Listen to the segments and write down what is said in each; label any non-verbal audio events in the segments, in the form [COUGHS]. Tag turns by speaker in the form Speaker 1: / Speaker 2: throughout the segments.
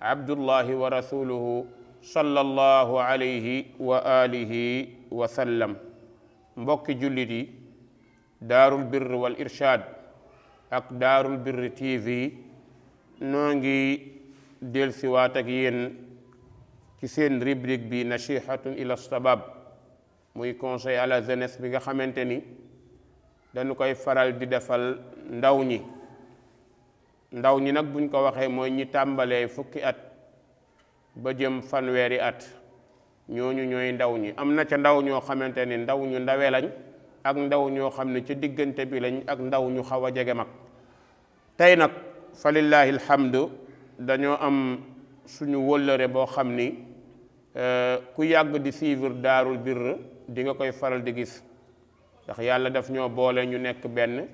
Speaker 1: abdullahi wa rasuluhu sallallahu alayhi wa alihi wa sallam mbokki jullit yi daarul birr wal irshad ak daaru birr tv noo ngi delsiwaat ak yéen ci seen rubrique bi nasihatun ila sabab muy conseil à la jeunesse bi nga xamante ni dañu koy faral di defal ndaw ñi ndaw ñi nag buñ ko waxee mooy ñi tàmbalee fukki at ba jëm fanweeri at ñooñu ñooy ndaw ñi am na ca ndaw ñoo xamante ni ndaw ñu ndawee lañ ak ndaw ñoo xam ne ca diggante bi lañ ak ndaw ñu xaw a jege mag tey nag falillaahi alhamdu dañoo am suñu wëllëre boo xam ni euh, ku yàgg di suivre daarul birr di nga koy faral di gis ndax yàlla def ñoo boole ñu nekk benn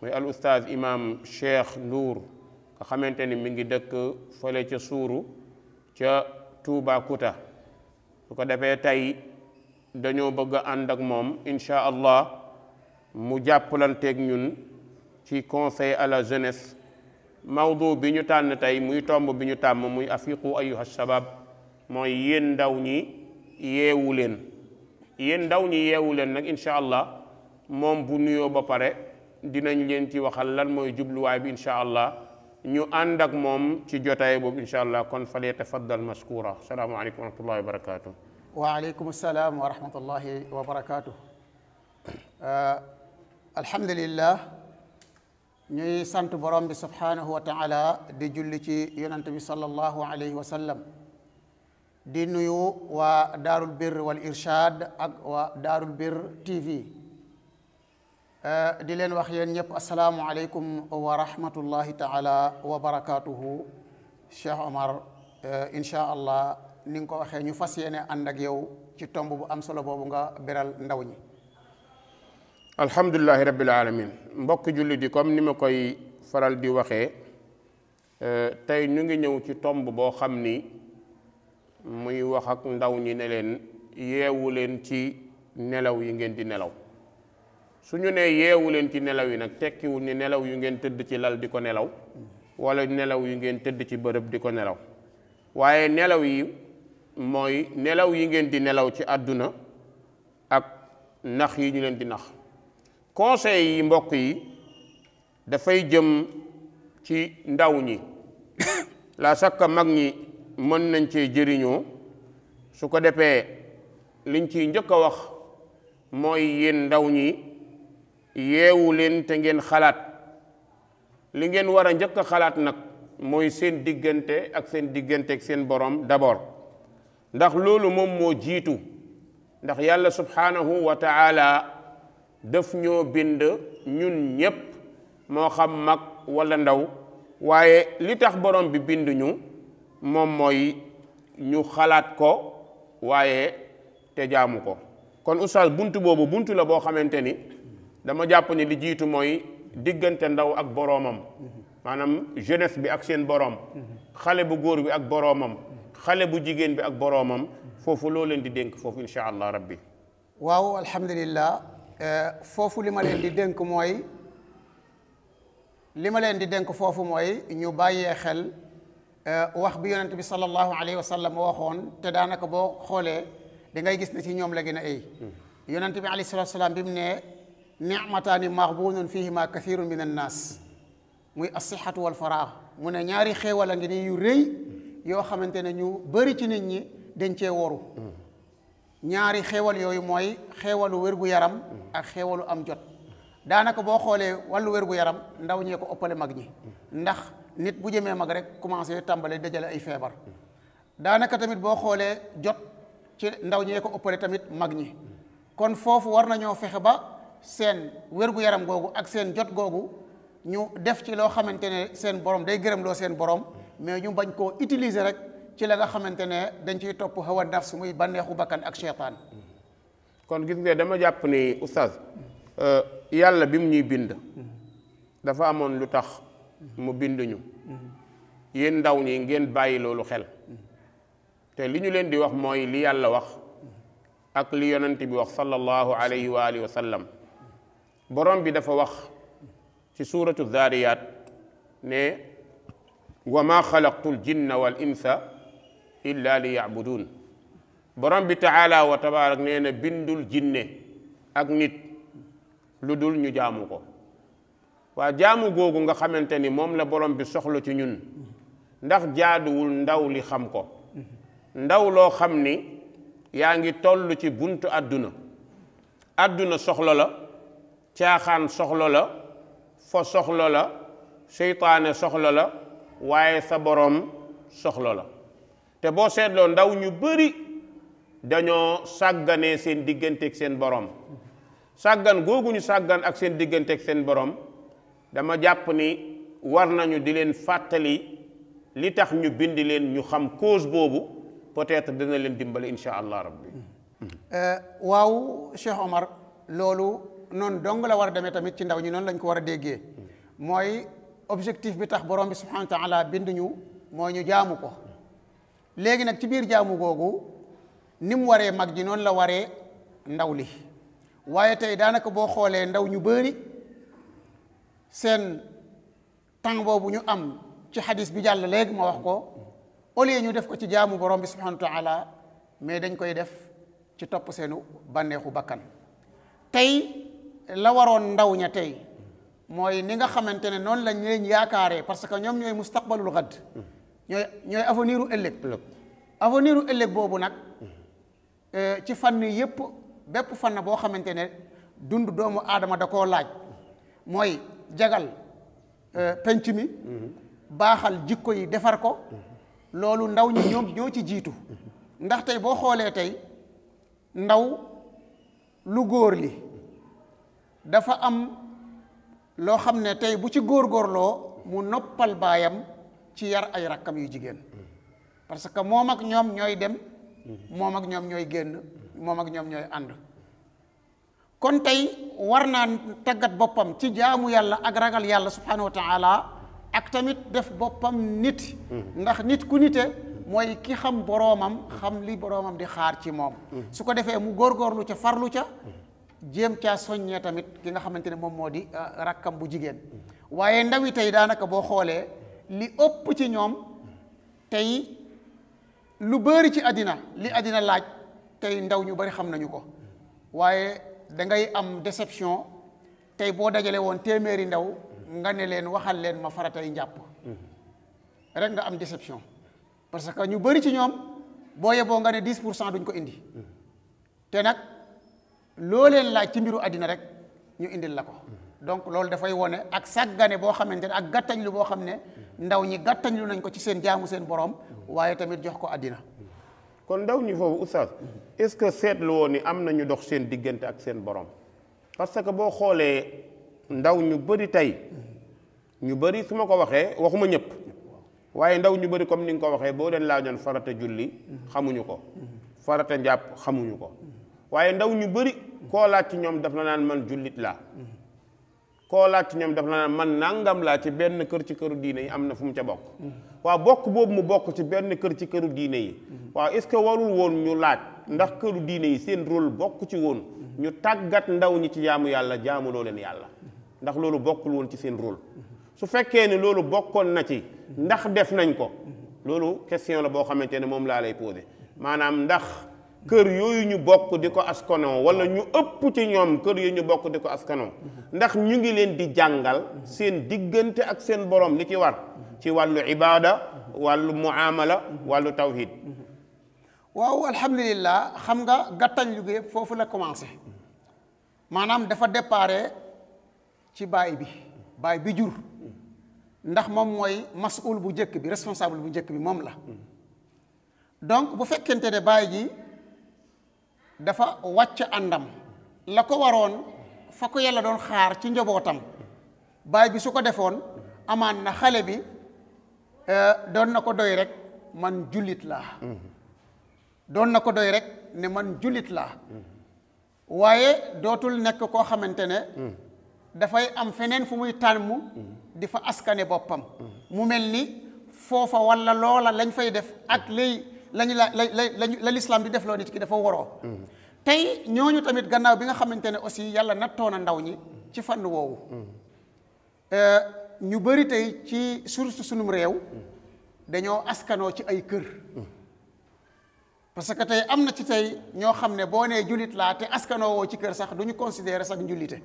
Speaker 1: muy al oustaz imam Cheikh Ndour nga xamante ni mi ngi dëkk fële ca suuru ca Tuubakuta su ko defee tey dañoo bëgg a ànd ak moom incha allah mu jàppalanteeg ñun ci conseil à la jeunesse mawdu bi ñu tànn tey muy tomb bi ñu tàmm muy afiqu ayuha shabab mooy yéen ndaw ñi yeewu leen yéen ndaw ñi yeewu leen nag incha allah moom bu nuyoo ba pare dinañ leen ci waxal lan mooy jubluwaay bi incha allah ñu ànd moom ci jotaay boobu incha allah kon fale tafaddal maskura salaamualeykum wa rahmatullahi wa barakaatu.
Speaker 2: waaleykum salaam wa rahmatullahi uh, alhamdulillah ñuy sant borom bi subhanahu wa taala di julli ci yonante bi sallallahu wa sallam. di nuyu waa daarul bir wal irshad ak waa daarul TV. Eh, di leen wax yéen ñëpp asalaamualeykum wa rahmatullahi taala wa barakaatuhu Cheikh Omar eh, incha allah ni nga ko waxee ñu fas yéene ànd ak yow ci tomb bu am solo boobu nga beral ndaw ñi.
Speaker 1: alhamdulilahi rabbil alamin mbokk julli di comme ni ma koy faral di waxee eh, tey ñu ngi ñëw ci tomb boo xam ni muy waxak ndaw ñi ne leen yeewu leen ci nelaw yi ngeen di nelaw. su ñu nee yeewu leen ci nelaw yi nag tekkiwul ni nelaw yu ngeen tëdd ci lal di ko nelaw walla nelaw yu ngeen tëdd ci bërëb di ko nelaw waaye nelaw yi mooy nelaw yi ngeen di nelaw ci àdduna ak nax yi ñu leen di nax conseil yi mbokk yi dafay jëm ci ndaw ñi [COUGHS] la sakka mag ñi mën nañ cee jëriñoo su ko defee liñ ciy njëkk a wax mooy yéen ndaw ñi yeewu leen te ngeen xalaat li ngeen war a njëkk xalaat nag mooy seen diggante ak seen diggante ak seen borom d'abord ndax loolu moom moo jiitu ndax yàlla subhanahu wa taala daf ñoo bind ñun ñépp moo xam mag walla ndaw waaye li tax borom bi bind moom mooy ñu xalaat ko waaye te jaamu ko kon oustaz buntu boobu buntu la boo xamante ni dama jàpp ni li jiitu mooy diggante ndaw ak boroomam maanaam jeunesse bi ak seen boroom xale bu góor bi ak boroomam xale bu jigéen bi ak boroomam foofu loo leen di dénk foofu incha allah rabbi
Speaker 2: waaw alhamdulillah euh, foofu li leen di dénk mooy li ma leen di dénk foofu mooy ñu bàyyee xel euh, wax bi yonent bi sallallahu alayhi wa sallam waxoon te daanaka boo xoolee da ngay gis ne ci ñoom la gën a
Speaker 3: hmm.
Speaker 2: bi alayhi salaam bi ne nicmataani maxbunun fihima kathirun min annaas muy asixatu wal faraax mu ne ñaari xéewal a ngi nii yu rëy yoo xamante ne ñu bëri ci nit ñi dañ cee woru ñaari xewal yooyu mooy xewalu wér yaram ak xewalu am jot daanaka boo xoolee wàllu wér yaram ndaw ñee ko ëppale mag ñi ndax nit bu jëmee mag rek commencé tàmbalee dajale ay feebar daanaka tamit boo xoolee jot ci ndaw ñee ko ëppale tamit mag ñi kon foofu war nañoo fexe ba seen wér yaram googu ak seen jot googu ñu def ci loo xamante ne seen borom day gërëm loo seen borom mais ñu bañ koo utilise rek ci la nga xamante ne dañ ciy topp hawa nafs muy bànneexu bakkan ak seytaan kon gis nga dama
Speaker 1: jàpp ni oustaz euh, yàlla bi mu ñuy bind dafa amoon lu tax mu binduñu ñu yéen ndaw ñi ngeen bàyyi loolu xel te li ñu leen di wax mooy li yàlla wax ak li yonent bi wax sallallahu alayhi wa alihi wa sallam borom bi dafa wax ci suuratu zaariyaat ne wa ma xalaqtu l jinna wal insa illa li yacbuduun borom bi taala wa tabaarak nee na bindul jinne ak nit lu dul ñu jaamu ko waa jaamu googu nga xamante ni moom la borom bi soxla ci ñun ndax jaaduwul ndaw li xam ko ndaw loo xam ni yaa ngi toll ci buntu àdduna àdduna soxla la caaxaan soxla la fo soxlo la seytaane soxla la waaye sa boroom soxla la te boo seetloo ndaw ñu bari dañoo sàgganee seen digganteeg seen boroom sàggan googu ñu sàggan ak seen digganteeg seen boroom dama jàpp ni war nañu di leen fàttali li tax ñu bind leen ñu xam cause boobu peut-être dina leen dimbali insha allah rabbi
Speaker 2: euh, waaw Cheikh Omar loolu noonu dong la war a demee tamit ci ndaw ñi noonu lañ ko war a déggee mooy objectif bi tax borom bi subhanahu wa taala bind ñu mooy ñu jaamu ko léegi nag ci biir jaamu googu ni mu waree mag ji noonu la waree ndaw li waaye tey daanaka boo xoolee ndaw ñu bëri seen temps boobu ñu am ci xadis bi jàll léegi ma wax ko au lieu ñu def ko ci jaamu borom bi subhanahu wa taala mais dañ koy def ci topp seenu banneexu bakkan tey la waroon ndaw ña tey mooy ni nga xamante ne noonu lañ leen yaakaaree parce que ñoom ñooy mustaqbalul xadd ñooy ñooy avenir u ëllëg avenir u ëllëg boobu nag eh, ci fan fànn yëpp bépp fànn boo xamante ne dund doomu aadama da koo laaj mooy jagal eh, penc mi baaxal jikko yi defar ko loolu ndaw ñi ñoom ñoo ci jiitu ndax tey boo xoolee tey ndaw lu góor li dafa am loo xam ne tey bu ci góor góorloo mu noppal baayam ci yar ay rakkam yu jigéen parce que moom ak ñoom ñooy dem moom ak ñoom ñooy génn moom ak ñoom ñooy ànd kon tey war naa tàggat boppam ci jaamu yàlla ak ragal yàlla subhanahu wa taala ak tamit def boppam nit ndax nit ku nite mooy ki xam boroomam xam li boroomam di xaar ci moom su ko defee mu góorgóorlu ca farlu ca jéem caa soññee tamit ki nga xamante ne moom moo di euh, rakkam bu jigéen waaye ndawi tey daanaka boo xoolee li ëpp ci ñoom tey lu bëri ci àddina li àddina laaj tey ndaw ñu bari xam nañu ko waaye dangay am déception tey boo dajale woon téeméeri ndaw nga ne leen waxal leen ma faratay njàpp rek nga am déception parce que ñu bëri ci ñoom boo yeboo nga ne 10 pour cent duñ ko indi te nag loo leen laaj ci mbiru àddina rek ñu indil la ko donc loolu dafay wone ak sàggane boo xamante ne ak gàttañ lu boo xam ne ndaw ñi gàttañ lu nañ ko ci seen jaamu seen borom waaye tamit jox ko àddina
Speaker 1: kon ndaw ñi foofu oustaz est-ce que seetlu woon ni am nañu dox seen diggante ak seen borom parce que boo xoolee ndaw ñu bëri tey ñu bëri su ma ko waxee waxuma ñëpp waaye ndaw ñu bëri comme ni nga ko waxee boo leen laajoon farata julli xamuñu ko farata njàpp xamuñu ko waaye ndaw ñu bëri koo laaj ci ñoom daf la naan man jullit laa koo laaj ci ñoom daf la naan man nangam laa ci benn kër ci këru diine yi am na fu mu ca bokk waaw bokk boobu mu bokk ci benn kër ci këru diine yi waaw est-ce que warul woon ñu laaj ndax këru diine yi seen rôle bokk ci woon ñu tàggat ndaw ñi ci jaamu yàlla jaamuloo leen yàlla ndax loolu bokkul woon ci seen rôle su fekkee ne loolu bokkoon na ci ndax def nañ ko loolu question la boo xamante ne moom laa lay posé kër yooyu ñu bokk di ko askanoo wala ñu ëpp ci ñoom kër yooyu ñu bokk di ko askanoo ndax ñu ngi leen di jàngal seen diggante ak seen boroom li ci war ci wàllu ibaada wàllu muamala wàllu tawhid
Speaker 2: waaw alhamdulillah xam nga gàttañ lu gi foofu la commencé maanaam dafa déparé ci baay bi baay bi jur ndax moom mooy masul bu njëkk bi responsable bu njëkk bi moom la donc bu fekkente ne baay ji dafa wàcc àndam la ko waroon fa ko yàlla doon xaar ci njabootam baay bi su ko defoon amaan na xale bi eh, doon na ko doy rek man jullit laa doon na ko doy rek ne man jullit laa waaye dootul nekk koo xamante ne dafay am feneen fu muy tànn mu di fa askane boppam mu mel ni foofa walla loola lañ fay def ak lay lañu la la la la l'islam di def loo nit ki dafa waroo tey ñooñu tamit gannaaw bi nga xamante ne aussi yàlla nattoon na ndaw ñi ci fànn woowu euh, ñu bëri tey ci source sunum réew dañoo askanoo ci ay kër parce que tey am na ci tey ñoo xam ne boo nee jullit laa te askanoo woo ci kër sax duñu ñu considérer sax njullite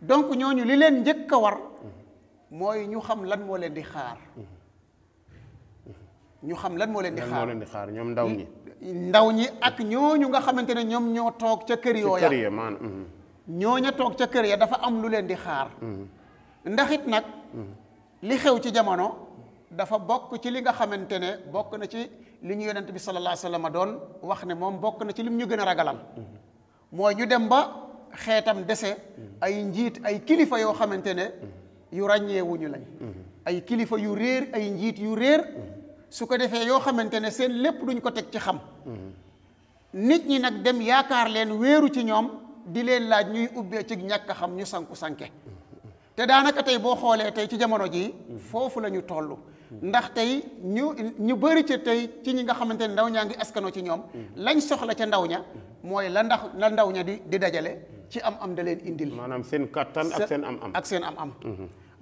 Speaker 2: donc ñooñu li leen njëkk a war mooy ñu xam lan moo leen di xaar ñu xam lan moo leen di xaar lan
Speaker 1: moo xaar ñoom ndaw ñi.
Speaker 2: ndaw ñi ak ñooñu nga xamante ne ñoom ñoo toog ca kër yooya.
Speaker 1: kër mhm.
Speaker 2: ñooña toog ca kër ya dafa am lu leen di xaar. Mhm. ndax it nag. Mhm. li xew ci jamono dafa bokk ci li nga xamante ne bokk na ci li ñu yonent bi sallallahu alayhi wasallam doon wax ne moom bokk na ci lim ñu gën a ragalal. mooy ñu dem ba xeetam dese. ay njiit ay kilifa yoo xamante ne. yu ràññeewuñu lañ. ay kilifa yu réer ay njiit yu réer. su ko defee yoo xamante ne seen lépp duñ ko teg ci xam nit ñi nag dem yaakaar leen wéeru ci ñoom di leen laaj ñuy ubbee cig ñàkk xam ñu sanku sanke te daanaka tey boo xoolee tey ci jamono jii foofu la ñu toll ndax tey ñu ñu bëri ci tey ci ñi nga xamante ne ndaw ñaa ngi askano ci ñoom lañ soxla ca ndaw ña mooy la ndax la ndaw ña di di dajale ci am am da leen indil maanaam seen kattan ak seen am am ak seen am am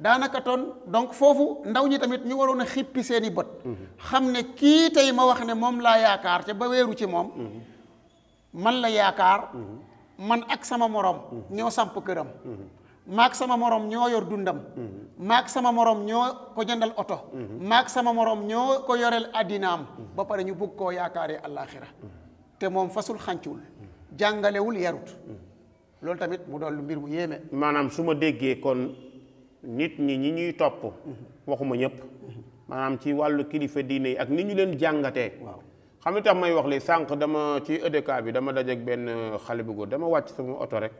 Speaker 2: daanaka ton donc foofu ndaw ñi tamit ñu waroon a xippi seen i bët. xam ne kii tey ma wax ne moom laa yaakaar te ba weeru ci moom. man la yaakaar. man ak sama moroom ñoo samp këram. maak sama moroom ñoo yor dundam. maak sama moroom ñoo ko jandal oto. maak sama moroom ñoo ko yoreel addinaam. ba pare ñu bugg koo yaakaaree àllaaxira te moom fasul xàncuwul. jàngalewul yarut. loolu tamit mu doon lu mbir bu yéeme.
Speaker 1: maanaam su ma déggee kon. nit ñi ñi ñuy topp waxuma ñëpp maanaam ci wàllu kilifa diine yi ak ni ñu leen jàngatee xam nga tax may wax li sànq dama ci EDK bi dama dajeeg benn xale bu góor dama wàcc sama oto rek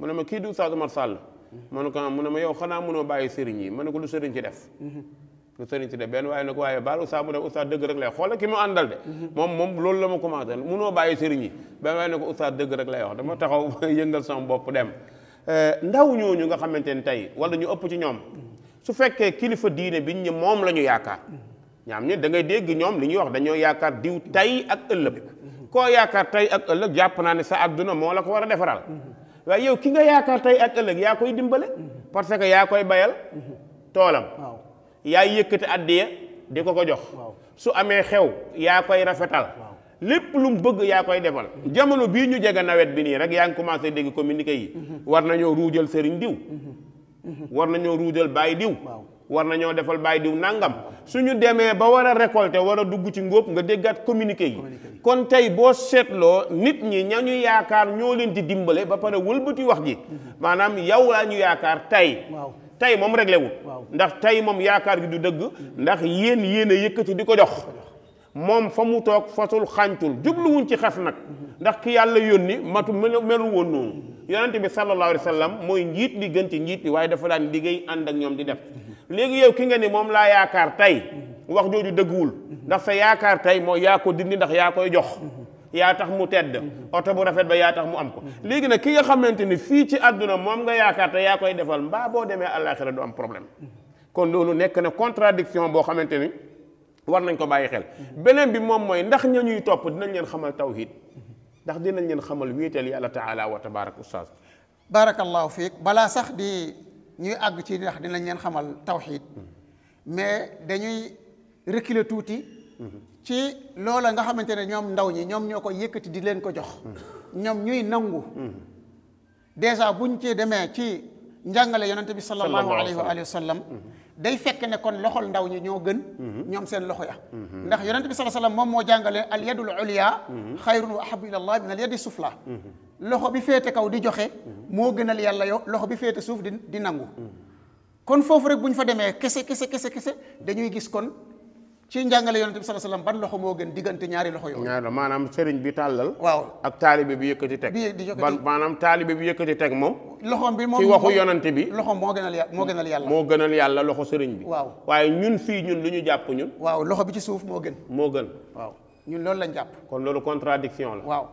Speaker 1: mu ne ma kii du Oustaz Oumar Sall ma ne ko ah, mu ne ma yow xanaa munoo bàyyi sëriñ yi ma ne ko lu sëriñ ci def lu sëriñ ci def benn waaye nag waaye baal Oustaz mu ne Oustaz dëgg rek lay xoolal ki ma àndal de moom moom loolu la ma commencé munoo bàyyi sëriñ yi benn waaye ne ko dëgg rek lay wax dama taxaw [LAUGHS] yëngal sama bopp dem Euh, ndaw ñooñu nga xamante ne tey wala ñu ëpp ci ñoom su fekkee kilifa diine biñ ñu moom la ñu yaakaar ñaam ñi da ngay dégg ñoom li ñuy wax dañoo yaakaar diw tey ak ëllëg koo yaakaar tey ak ëllëg jàpp naa ne sa adduna moo la ko war a defaral waaye yow ki nga yaakaar tey ak ëllëg yaa koy dimbale parce que yaa koy bayal toolam yaay yëkkati addiya di ko ko jox su amee xew yaa koy rafetal lépp lu mu bëgg yaa koy defal jamono bii ñu jege nawet bi nii rek yaa ngi commencé dégg communique yi war nañoo ruujal sëriñ diw war nañoo ruujal bàyyi diw war nañoo defal baay diw nangam suñu demee ba war a récolter war a dugg ci ngóob nga déggaat communiqué yi kon tey boo seetloo nit ñi ña ñu yaakaar ñoo leen di dimbale ba pare wëlbati wax ji maanaam yow laa ñu yaakaar tey tey moom réglé wul ndax tey moom yaakaar gi du dëgg ndax yéen yéen a yëkkati di ko jox moom fa mu toog fasul xàncul jubluwuñ ci xas nag ndax ki yàlla yónni matu melul woon noonu yonente bi sallallahu alayhi wa sallam mooy njiit li gën ci njiit li waaye dafa daan liggéey ànd ak ñoom di def léegi yow ki nga ni moom laa yaakaar tey wax jooju dëgguwul ndax sa yaakaar tey mooy yaa ko dindi ndax yaa koy jox yaa tax mu tedd oto bu rafet ba yaa tax mu am ko léegi nag ki nga xamante ni fii ci àdduna moom nga yaakaar te yaa koy defal mbaa boo demee àllaaxira du am problème kon loolu boo xamante ni war nañ ko bàyyi xel beneen bi moom mooy ndax ña ñuy topp dinañ leen xamal tawhid ndax dinañ leen xamal wéetal yàlla taala wa tabarak ustaaz
Speaker 2: barakallahu fiik balaa sax di ñuy àgg ci ndax dinañ leen xamal tawhid mais dañuy reculer tuuti ci loola nga xamante ne ñoom ndaw ñi ñoom ñoo ko yëkkati di leen ko jox ñoom ñuy nangu dèjà buñ ci demee ci njàngale yonente bi sallallahu alayhi wa alihi day fekke ne kon loxol ndaw ñi ñoo gën mhm. ñoom seen loxo ya mhm. ndax yonent bi sallallahu alayhi wasallam moom moo jàngale al yadul ulya mhm. xayrun wa ahabu ila allah min al yadi sufla loxo bi féete kaw di joxe moo gënal yàlla yow loxo bi féete suuf di di nangu kon foofu rek bu ñu fa demee kese kese kese kese dañuy gis kon ci njàngale yonent bi sallallahu alayhi wasallam ban loxo moo gën diggante ñaari loxo yooyu ñaari loxo maanaam sëriñ bi tàllal waaw ak taalibe bi yëkkati teg ban maanaam taalibe
Speaker 1: bi yëkkati teg moom
Speaker 2: loxoom bi moom ci waxu yonent
Speaker 1: bi loxoom moo gënal yàlla moo gënal yàlla moo gënal yàlla loxo sëriñ
Speaker 2: bi waaw waaye ñun fii ñun lu ñu jàpp ñun waaw loxo bi ci suuf moo gën moo gën waaw ñun loolu lañ jàpp kon loolu contradiction la waaw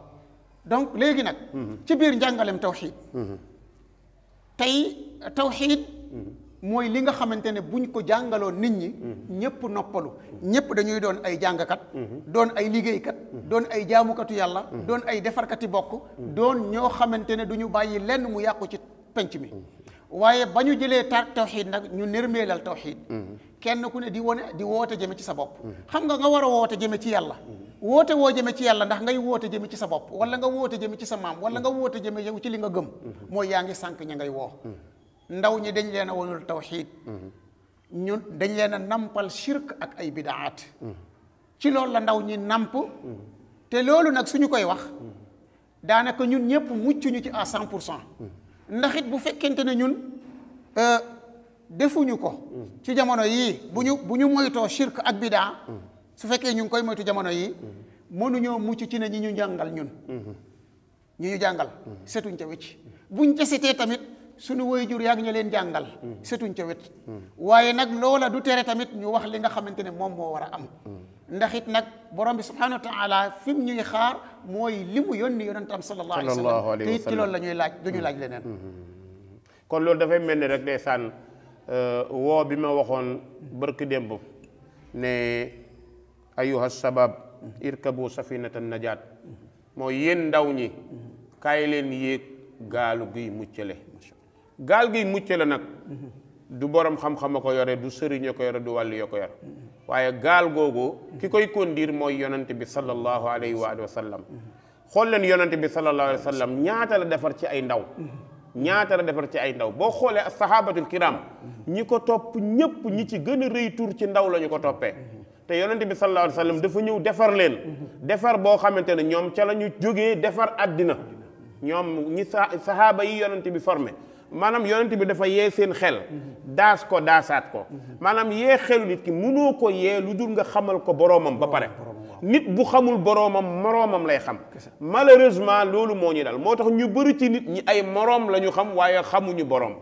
Speaker 2: donc léegi nag mhm. ci biir njàngalem tawxiid mhm. tey tawxiid mhm. mooy li nga xamante ne buñ ko jàngaloon nit ñi mhm. ñëpp noppalu ñëpp dañuy doon ay jàngkat mhm. doon ay liggéeykat mhm. doon ay jaamukatu yàlla doon ay defarkati bokk doon ñoo xamante ne du ñu bàyyi lenn mu yàqu ci penc mi waaye ba ñu jëlee tar tawxiid nag ñu nërmeelal tawxiid kenn ku ne di wone di woote jëme ci sa bopp xam nga nga war a woote jëme ci yàlla woote woo jëme ci yàlla ndax ngay woote jëme ci sa bopp wala nga woote jëme ci sa maam wala nga woote jëme yow ci li nga gëm mooy yaa sànq ña ngay woo ndaw ñi dañ leen a wonul tawxiid ñun dañ leen a nampal shirk ak ay bidaat ci loolu la ndaw ñi namp te loolu nag suñu koy wax daanaka ñun ñëpp mucc ñu ci à cent pour cent ndax it bu fekkente ne ñun euh, defuñu ko ci jamono yii bu ñu ñu moytoo shirk ak bidaa su fekkee ñu ngi koy moytu jamono yii mënuñoo mucc ci ne ñi ñu jàngal ñun ñi ñu jàngal setuñ ca wecc buñ ca setee tamit suñu waajur jur yàgg ñu leen jàngal setuñ ca waaye nag loola du tere tamit ñu wax li nga xamante ne moom moo war a am ndaxit nag borom bi subhanahu wa taala fi mu ñuy xaar mooy li mu yónni yonentam sallallahu alayhi wa sallam te it ci loolu la ñuy laaj du ñu leneen mm-hmm.
Speaker 1: kon loolu dafay mel ni rek day sànn euh, woo bi ma waxoon barki démb ne ayuha sabab irkabu safinatan najaat moo yéen ndaw ñi kaay leen yéeg gaalu guy muccale gaal gi mucc la nag du borom xam-xam a ko yore du sëriñ a ko yore du wàllu yo yore waaye gaal googu ki koy conduire mooy yonante bi sallallahu alayhi wa sallam xool leen yonante bi sallallahu alayhi sallam ñaata la defar ci ay ndaw ñaata la defar ci ay ndaw boo xoolee sahabatul kiram ñi ko topp ñëpp ñi ci gën a rëy ci ndaw la ñu ko toppee te yonente bi sallallahu alayhi wa dafa ñëw defar leen defar boo xamante ne ñoom ca la ñu jógee defar àddina ñoom ñi sa sahaaba yi yonente bi formé maanaam yonent bi dafa yee seen xel daas ko daasaat ko maanaam yee xelu nit ki mënoo ko yee lu dul nga xamal ko boroomam ba pare nit bu xamul boroomam moroomam lay xam malheureusement loolu moo ñu dal moo tax ñu bëri ci nit ñi ay moroom la ñu xam waaye xamuñu boroom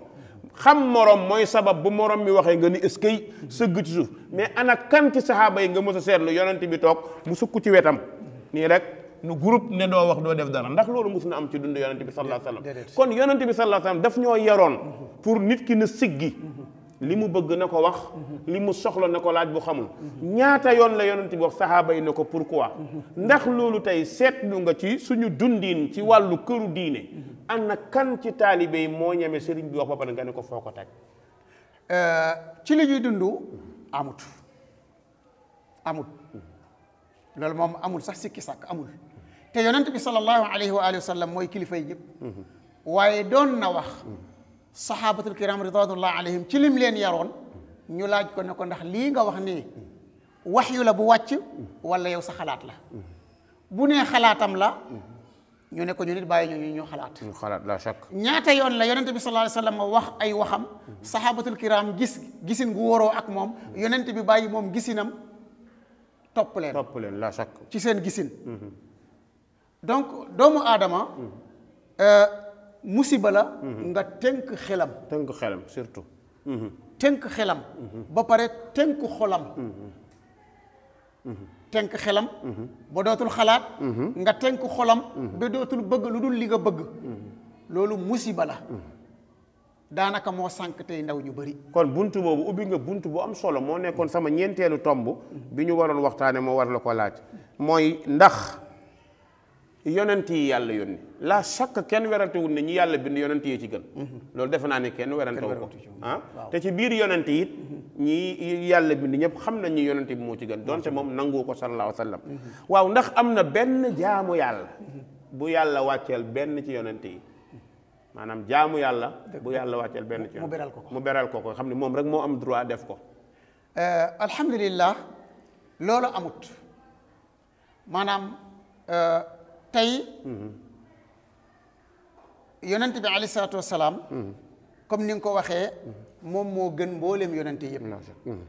Speaker 1: xam moroom mooy sabab bu moroom mi waxee nga ni eskay sëgg ci suuf mais ana kan ci saxaaba yi nga mos a seetlu yonent bi toog mu sukk ci wetam nii rek nu groupe ne doo wax doo def dara ndax loolu mos na am ci dund yonent bi sallallahu alayhi wasallam kon yonent bi sallallahu alayhi daf ñoo yaroon pour nit ki na siggi li mu bëgg na ko wax li mu soxla na ko laaj bu xamul ñaata yoon la yonent bi wax saxaaba yi ne ko pour pourquoi ndax loolu tey seetlu nga ci suñu dundiin ci wàllu këru diine am na kan ci taalibe moo ñeme sëriñ bi wax ba pare nga ne ko foo ko teg
Speaker 2: euh, ci li ñuy dund amut amut loolu moom amul sax sikki amul te yonent bi sallallahu alayhi wa alihi mooy kilifa yi ñëpp waaye doon na wax saxaabatul kiram ridwanullah ci lim leen yaroon ñu laaj ko ne ndax lii nga wax nii waxyu la bu wàcc wala yow sa xalaat la bu nee xalaatam la ñu ne ñu nit bàyyi ñu ñu xalaat
Speaker 1: ñu xalaat la chaque
Speaker 2: ñaata yoon la yonent bi sallallahu alayhi wa wax ay waxam saxaabatul kiram gis gisin gu waroo ak moom yonent bi bàyyi moom gisinam topp leen topp la chaque ci seen gisin mhm. donc doomu aadama euh, musiba la nga tënk xelam tënk xelam surtout mhm. tënk xelam mhm. ba pare tënk xolam mhm. xelam ba dootul xalaat nga tënk xolam ba dootul bëgg lu dul li nga bëgg loolu musiba la daanaka moo sànq tey ndaw ñu bari kon bunt boobu ubbi nga bunt
Speaker 1: bu am solo moo nekkoon sama ñeenteelu tomb bi ñu waroon waxtaane moo war la ko laaj mooy ndax yonent yi yàlla yónni la chaque kenn werantewul ne ñi yàlla bind yonent yi ci gën loolu defe naa ne kenn werantewu ko ah te ci biir yonent yi ñi yàlla bind ñëpp xam nañ ñi yonent bi moo ci gën donte moom nangu ko sallallahu alayhi wa sallam waaw ndax am na benn jaamu yàlla bu yàlla wàcceel benn ci yonent yi maanaam jaamu yàlla bu yàlla wàcceel benn ci mu beral ko ko mu beral ko ko xam ne moom rek moo am droit def ko
Speaker 2: euh, alhamdulillah loolu amut maanaam euh, tey mhm. yonent bi aleyhi salaam mhm. comme ni nga ko waxee moom moo gën mboolem yonent yëpp mhm.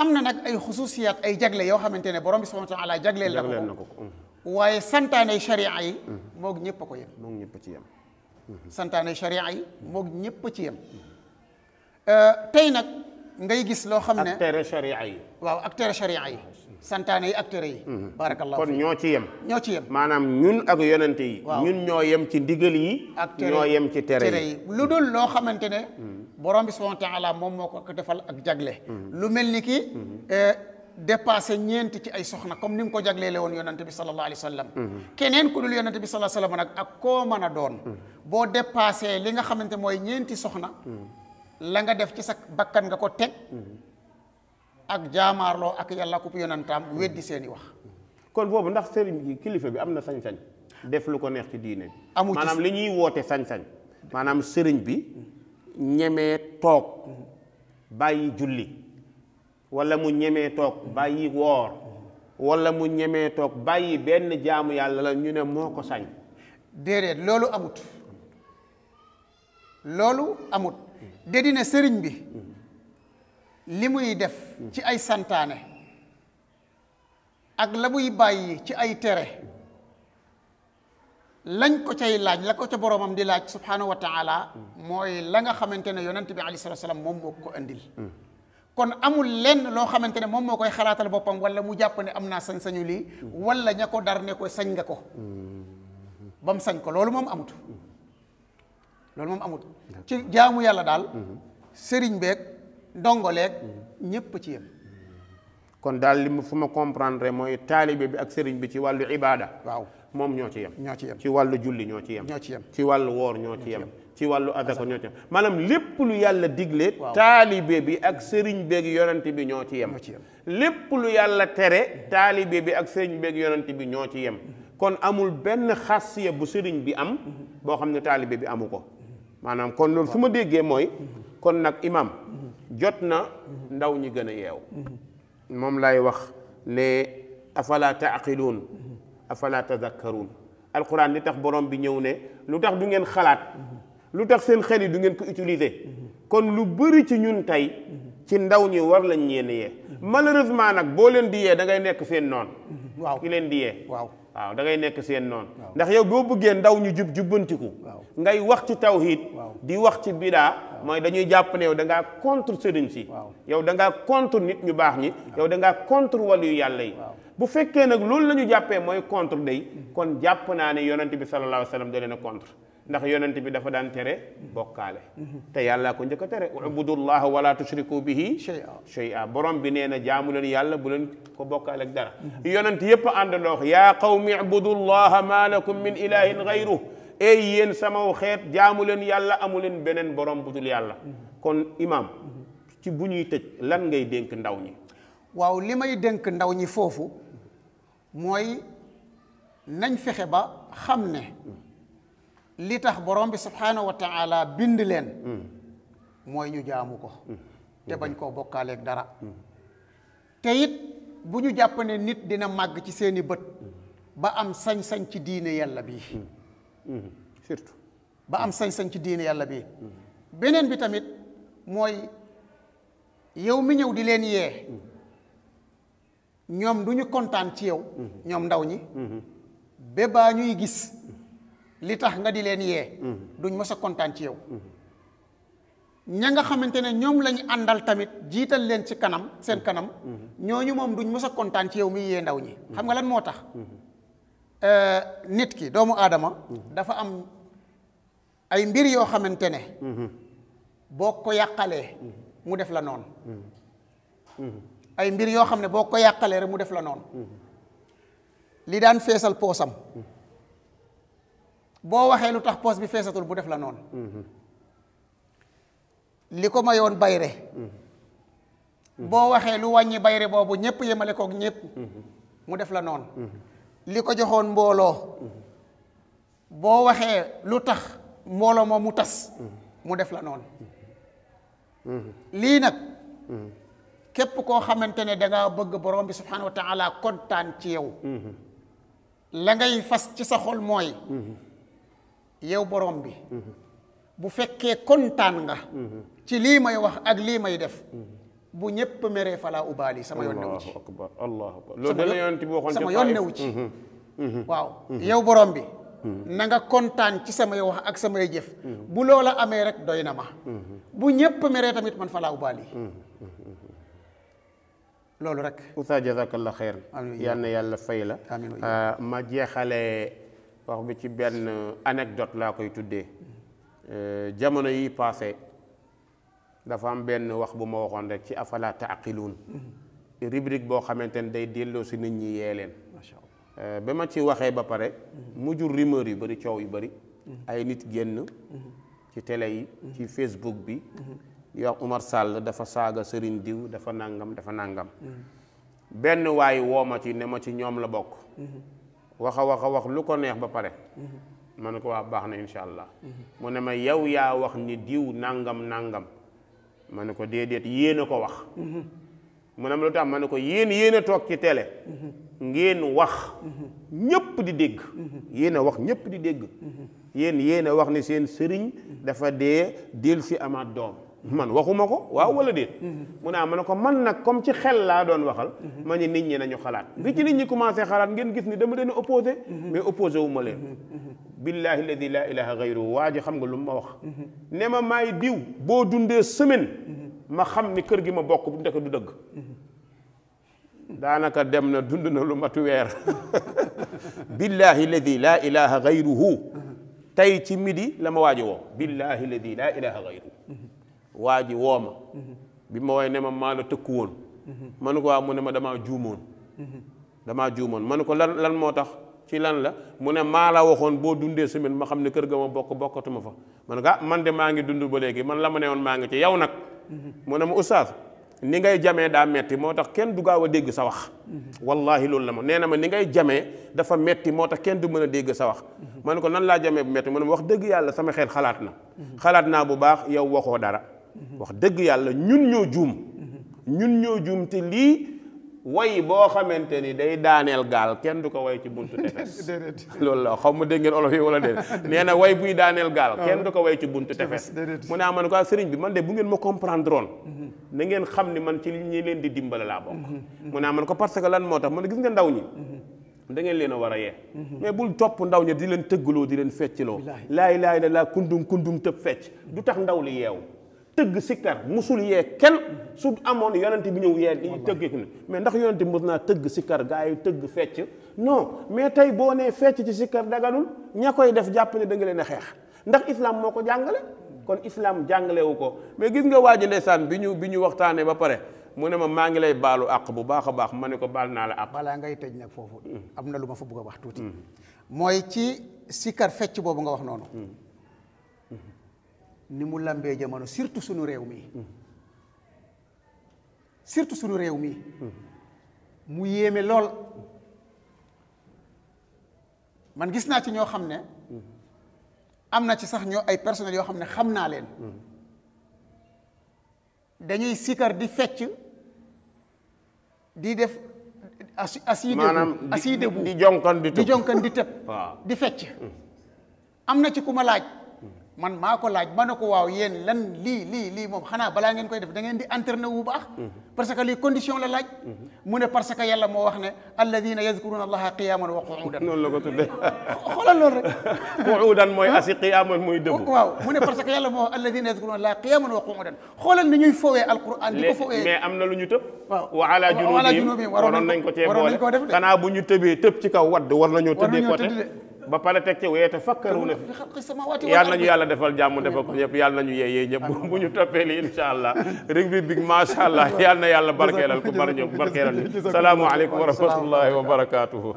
Speaker 2: am na nag ay xususiyaat ay jagle yoo xamante ne borom bi subhaanahu wa taala jagleel na ko waaye santaane sharia yi moog ñëpp a ko yem moog ñëpp ci yem santaane sharia yi moog ñëpp ci yem euh, tey nag ngay gis loo xam ne ak tere sharia yi waaw ak tere sharia yi santaane yi ak tere yi mhm. barakallahu kon
Speaker 1: ñoo ci yem ñoo ci yem maanaam ñun ak yonente yi ñun ñoo yem ci ndigal
Speaker 2: yi ak
Speaker 3: tere ñoo yem ci tere yi
Speaker 2: lu dul loo xamante ne mhm. borom bi subhanahu wa taala moom moo ko defal ak jagle mhm. lu mel ni ki eh, dépassé ñeent ci ay soxna comme ni mu ko jagleele woon yonante bi sallallahu alayhi wa sallam keneen ku dul bi sallallahu alayhi wa ak koo mën a doon boo dépassé li nga xamante mooy ñeenti soxna la nga def ci sa bakkan nga ko teg ak jaamaarloo ak yàlla ku yonantaam weddi seen i wax.
Speaker 1: kon boobu ndax sëriñ bi kilifa bi am na sañ-sañ. def lu ko neex ci diine bi. amu maanaam li ñuy woote sañ-sañ. maanaam sëriñ bi ñemee toog bàyyi julli. wala mu ñemee toog bàyyi woor. wala
Speaker 2: mu ñemee toog bàyyi benn jaamu yàlla la ñu ne moo ko sañ. déedéet loolu amut. loolu amut. de dina sëriñ bi. li muy def ci ay santaane ak la muy bàyyi ci ay tere lañ ko cay laaj la ko ca boroomam di laaj subhaanahu wa mooy la nga xamante ne yonent bi alayhi salaatu salaam moom moo ko andil kon amul lenn loo xamante ne moom moo koy xalaatal boppam wala mu jàpp ne am naa sañ-sañu lii wala ña ko ne ko sañ nga ko ba sañ ko loolu moom amut loolu moom amut ci jaamu yàlla daal mm-hmm. sëriñ beeg dongoleeg ñépp ci yem
Speaker 1: kon daal li mu fu ma comprendre mooy taalibe bi ak sëriñ bi ci wàllu ibaada waaw moom ñoo ci yem ñoo ci ci wàllu julli ñoo ci yem ñoo ci yem ci wàllu woor ñoo ci yem ci wàllu azaka ñoo ci yem maanaam lépp lu yàlla digle taalibe bi ak sëriñ beeg yonent bi ñoo ci yem lépp lu yàlla tere taalibe bi ak sëriñ beeg bi ñoo ci yem kon amul benn xasiya bu sëriñ bi am boo xam ne taalibe bi amu ko maanaam kon loolu su ma déggee mooy kon nag imam jot na ndaw ñi gën a yeew moom lay wax ne afala taaqiluun afala tadakkaruun alquran li tax borom bi ñëw ne lu tax du ngeen xalaat lu tax seen xel yi du ngeen ko utiliser kon lu bëri ci ñun tey ci ndaw ñi war lañ ñeen yee malheureusement nag boo leen di yee da ngay nekk seen noon waaw ki leen di yee waaw waaw da ngay nekk seen noon ndax yow boo bëggee ndaw ñu jub jubbantiku ngay wax ci tawhid di wax ci bidaa mooy dañuy jàpp ne yow da ngaa contre sëriñ si yow da ngaa contre nit ñu baax ñi yow da ngaa contre waliyu yàlla yi bu fekkee nag loolu la ñu jàppee mooy contre day kon jàpp naa ne yonent bi sallallahu alayhi wa sallam contre ndax yonent bi dafa daan tere bokkaale mhm. te yàlla ko njëkk a tere ubudullaha wala tushriku bihi shay'a borom bi nee na jaamu leen yàlla bu leen ko bokkaale ak dara mhm. yonent yépp àndandoo yaa qawmi ubudullaha ma lakum min ilahin ghayruh ey yéen samaw xeet jaamu leen yàlla amu leen beneen borom budul yàlla kon imaam ci bu ñuy tëj lan ngay dénk ndaw ñi
Speaker 2: waaw li may dénk ndaw ñi foofu mooy nañ fexe ba xam ne li tax borom bi subhaanahu wa bind leen mooy ñu jaamu ko te bañ koo bokkaaleeg dara te bu ñu jàpp nit dina màgg ci seeni bët ba am sañ-sañ ci diine yàlla bi surtout ba am sañ-sañ ci diine yàlla bi beneen bi tamit mooy yow mi ñëw di leen yee ñoom du ñu kontaan ci yow ñoom ndaw ñi ba baa ñuy gis li tax nga di leen yee duñ mës a kontaan ci yow ña nga xamante ne ñoom la àndal tamit jiital leen ci kanam seen kanam
Speaker 4: mm-hmm.
Speaker 2: ñooñu moom duñ mës a kontaan ci yow mi yee ndaw ñi xam nga leen moo tax mm-hmm. Euh, nit ki doomu aadama mhm. dafa am ay mbir yoo xamante ne mhm. boo ko yàqalee mhm. mu def la noon ay mbir yoo xam ne boo ko yàqalee rek mu def la noon li daan feesal poosam boo waxee lu tax poos bi feesatul mu def la noonu li ko mayoon bayre boo waxee lu wàññi bayre boobu ñépp yemale kook ñépp mu def la noon li ko joxoon mbooloo boo waxee lu tax mbooloo ma mu tas mu def la noon lii nag képp koo xamante ne dangaa bëgg borom bi subhanahu wa taala kontaan ci yow la ngay fas ci sa xol mooy yow borom bi bu fekkee kontaan nga ci lii may wax ak lii may def bu ñëpp meree falaa ubaali sama yoon newu ci sama yoon newu ci mhm. Mhm. waaw yow borom bi mhm. na kontaan ci samay wax ak samay jëf bu loola amee rek doy na ma bu ñëpp meree tamit man falaa ubaali
Speaker 1: loolu rek oustaz jazakallah xeer yal yàlla fay la ah, ma jeexale wax bi ci benn anecdote laa koy tuddee eh, jamono yi passé dafa am benn wax bu ma waxoon rek ci afala taaqiluun
Speaker 4: mm-hmm.
Speaker 1: rubrique boo xamante ne day delloo si nit ñi yee leen euh, ba ma ci waxee ba pare mm-hmm. mu jur rumeur yu bëri coow yu bëri mm-hmm. ay nit génn ci télé yi ci Facebook bi yow Umar Sall dafa saaga sëriñ diw dafa nangam dafa nangam benn waay woo ma ci ne ma ci ñoom la bokk wax a wax a wax lu ko neex ba pare man ko waa baax na incha allah mu ne ma yow yaa wax ni diw nangam nangam ma ne ko déedéet yéen a ko wax mhm. mu ne ma lu tax ma ne ko yéen yéen a toog ci télé
Speaker 4: mhm.
Speaker 1: ngeen wax
Speaker 4: mhm.
Speaker 1: ñëpp di dégg yéen a wax ñëpp di dégg yéen yéen a wax ni seen sëriñ dafa dee del si amaat doom man waxuma ko waaw wala déet mm-hmm. mu naa ah, ma ne ko man nag comme ci xel laa doon waxal mm-hmm. ma ni nit ñi nañu xalaat bi ci nit ñi commencé xalaat ngeen gis ni dama leen opposé mm-hmm. mais opposé wu ma leen billahi alladi laa ilaha gayruhu waa xam nga lu ma wax ne ma maay diw boo dundee semaine ma xam ni kër gi ma bokk bu ndek du dëgg daanaka dem na dund na lu matu weer [LAUGHS] billahi alladi laa ilaha gayruhu tey ci midi la ma waaji woo billahi alladi laa ilaha gayruhu waa ji woo ma mhm. bi ma woy ne ma maa la tëkku woon mhm. ma ne ko waaw mu ne ma damaa juumoon mhm. damaa juumoon ma ne ko lan lan moo tax ci lan la mu ne maa la waxoon boo dundee semaine ma xam ne kër ga ma bokk bokkatuma fa ma ne ko ah man de maa ngi dund ba léegi man la ma ne woon maa ngi ci yow nag mu ne ma oustaz ni ngay jamee daa metti moo tax kenn du gaaw a dégg sa wax wallahi loolu la ma nee na ma ni ngay jamee dafa metti moo tax kenn du mën a dégg sa wax ma ne ko nan laa jamee bu metti mu ne wax dëgg yàlla sama xel xalaat na xalaat naa bu baax yow waxoo dara wax dëgg yàlla ñun ñoo juum ñun ñoo juum te lii way boo xamante ni day daaneel gaal kenn du ko way ci buntu [LAUGHS] tefes loolu la xaw ma dégg ngeen wala déedéet nee na way buy daaneel gaal ah. kenn du ko way ci buntu tefes mu ne ah, ma ko ah, sëriñ bi man bu ngeen ma comprendre oon mhm. na ngeen xam ni man ci ñi leen di dimbale laa bokk mhm. mu ne ma ko parce que lan tax mu ne gis nga ndaw ñi mhm. da ngeen leen a war a yee mais bul topp ndaw ñi di leen tëgguloo di leen fecciloo laay laay la laa kundum kundum tëb fecc du tax ndaw li yeewu tëgg sikkar musul yee kenn su amoon yonent bi ñëw yee li tëggeeku mais ndax yonent bi naa tëgg sikkar gaa yi tëgg fecc non mais tey boo nee fecc ci sikkar daganul ña koy def jàpp ne da nga leen a xeex ndax islam moo ko jàngale kon islaam jàngalewu ko mais gis nga waa ji ndeysaan bi ñu bi ñu waxtaanee ba pare mu ne ma maa ngi lay baalu àq bu baax a baax ma ne ko baal naa la àq
Speaker 2: balaa ngay tëj nag foofu mm. am na lu ma fa bëgg a wax tuuti mm. mooy ci sikkar fecc boobu nga wax noonu mm. ni mu lambee jamono surtout suñu réew mi mm. surtout sunu réew mi mm. mu yéeme lool man gis naa ci ñoo xam ne mm. am na ci sax ñoo ay personnels yoo xam ne xam naa leen dañuy sikar di fecc di def as aside debout assis debout di jonkan di tëb di [LAUGHS] di fecc am na ci ku ma laaj man maa ko laaj ma ne ko waaw yéen lan lii lii lii moom xanaa balaa ngeen koy def dangeen di entraîné wu baax mhm. parce que lii condition la laaj mhm. mu ne parce que yàlla moo wax ne alladina yazkuruna allaha qiyaman wa qu'udan
Speaker 1: noonu la ko tudde [LAUGHS] xoolal loolu rek [LAUGHS] mooy asi qiyaman
Speaker 2: muy dëgg waaw mu ne parce que yàlla moo wax alladina yazkuruna allaha qiyaman wa ñuy foowee alquran di ko foowee mais am na lu ñu tëb waaw wa ala junubihim waroon nañ ko cee boole xanaa bu ñu
Speaker 1: tëbee tëb ci kaw wadd war nañoo tëddee côté ba pare teg ci weyete fakkaru na
Speaker 2: fi
Speaker 1: yàlla nañu yàlla defal jàmm defal ko ñëpp yàlla nañu yeeyee ñëpp bu ñu toppee lii incha allah rubrique bi macha allah [LAUGHS] yàlla na yàlla barkeelal ko bari ñoom barkeelal ñu salaamualeykum wa rahmatullahi wa barakaatuhu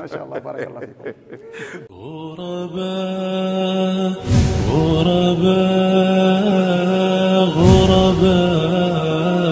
Speaker 3: غرباء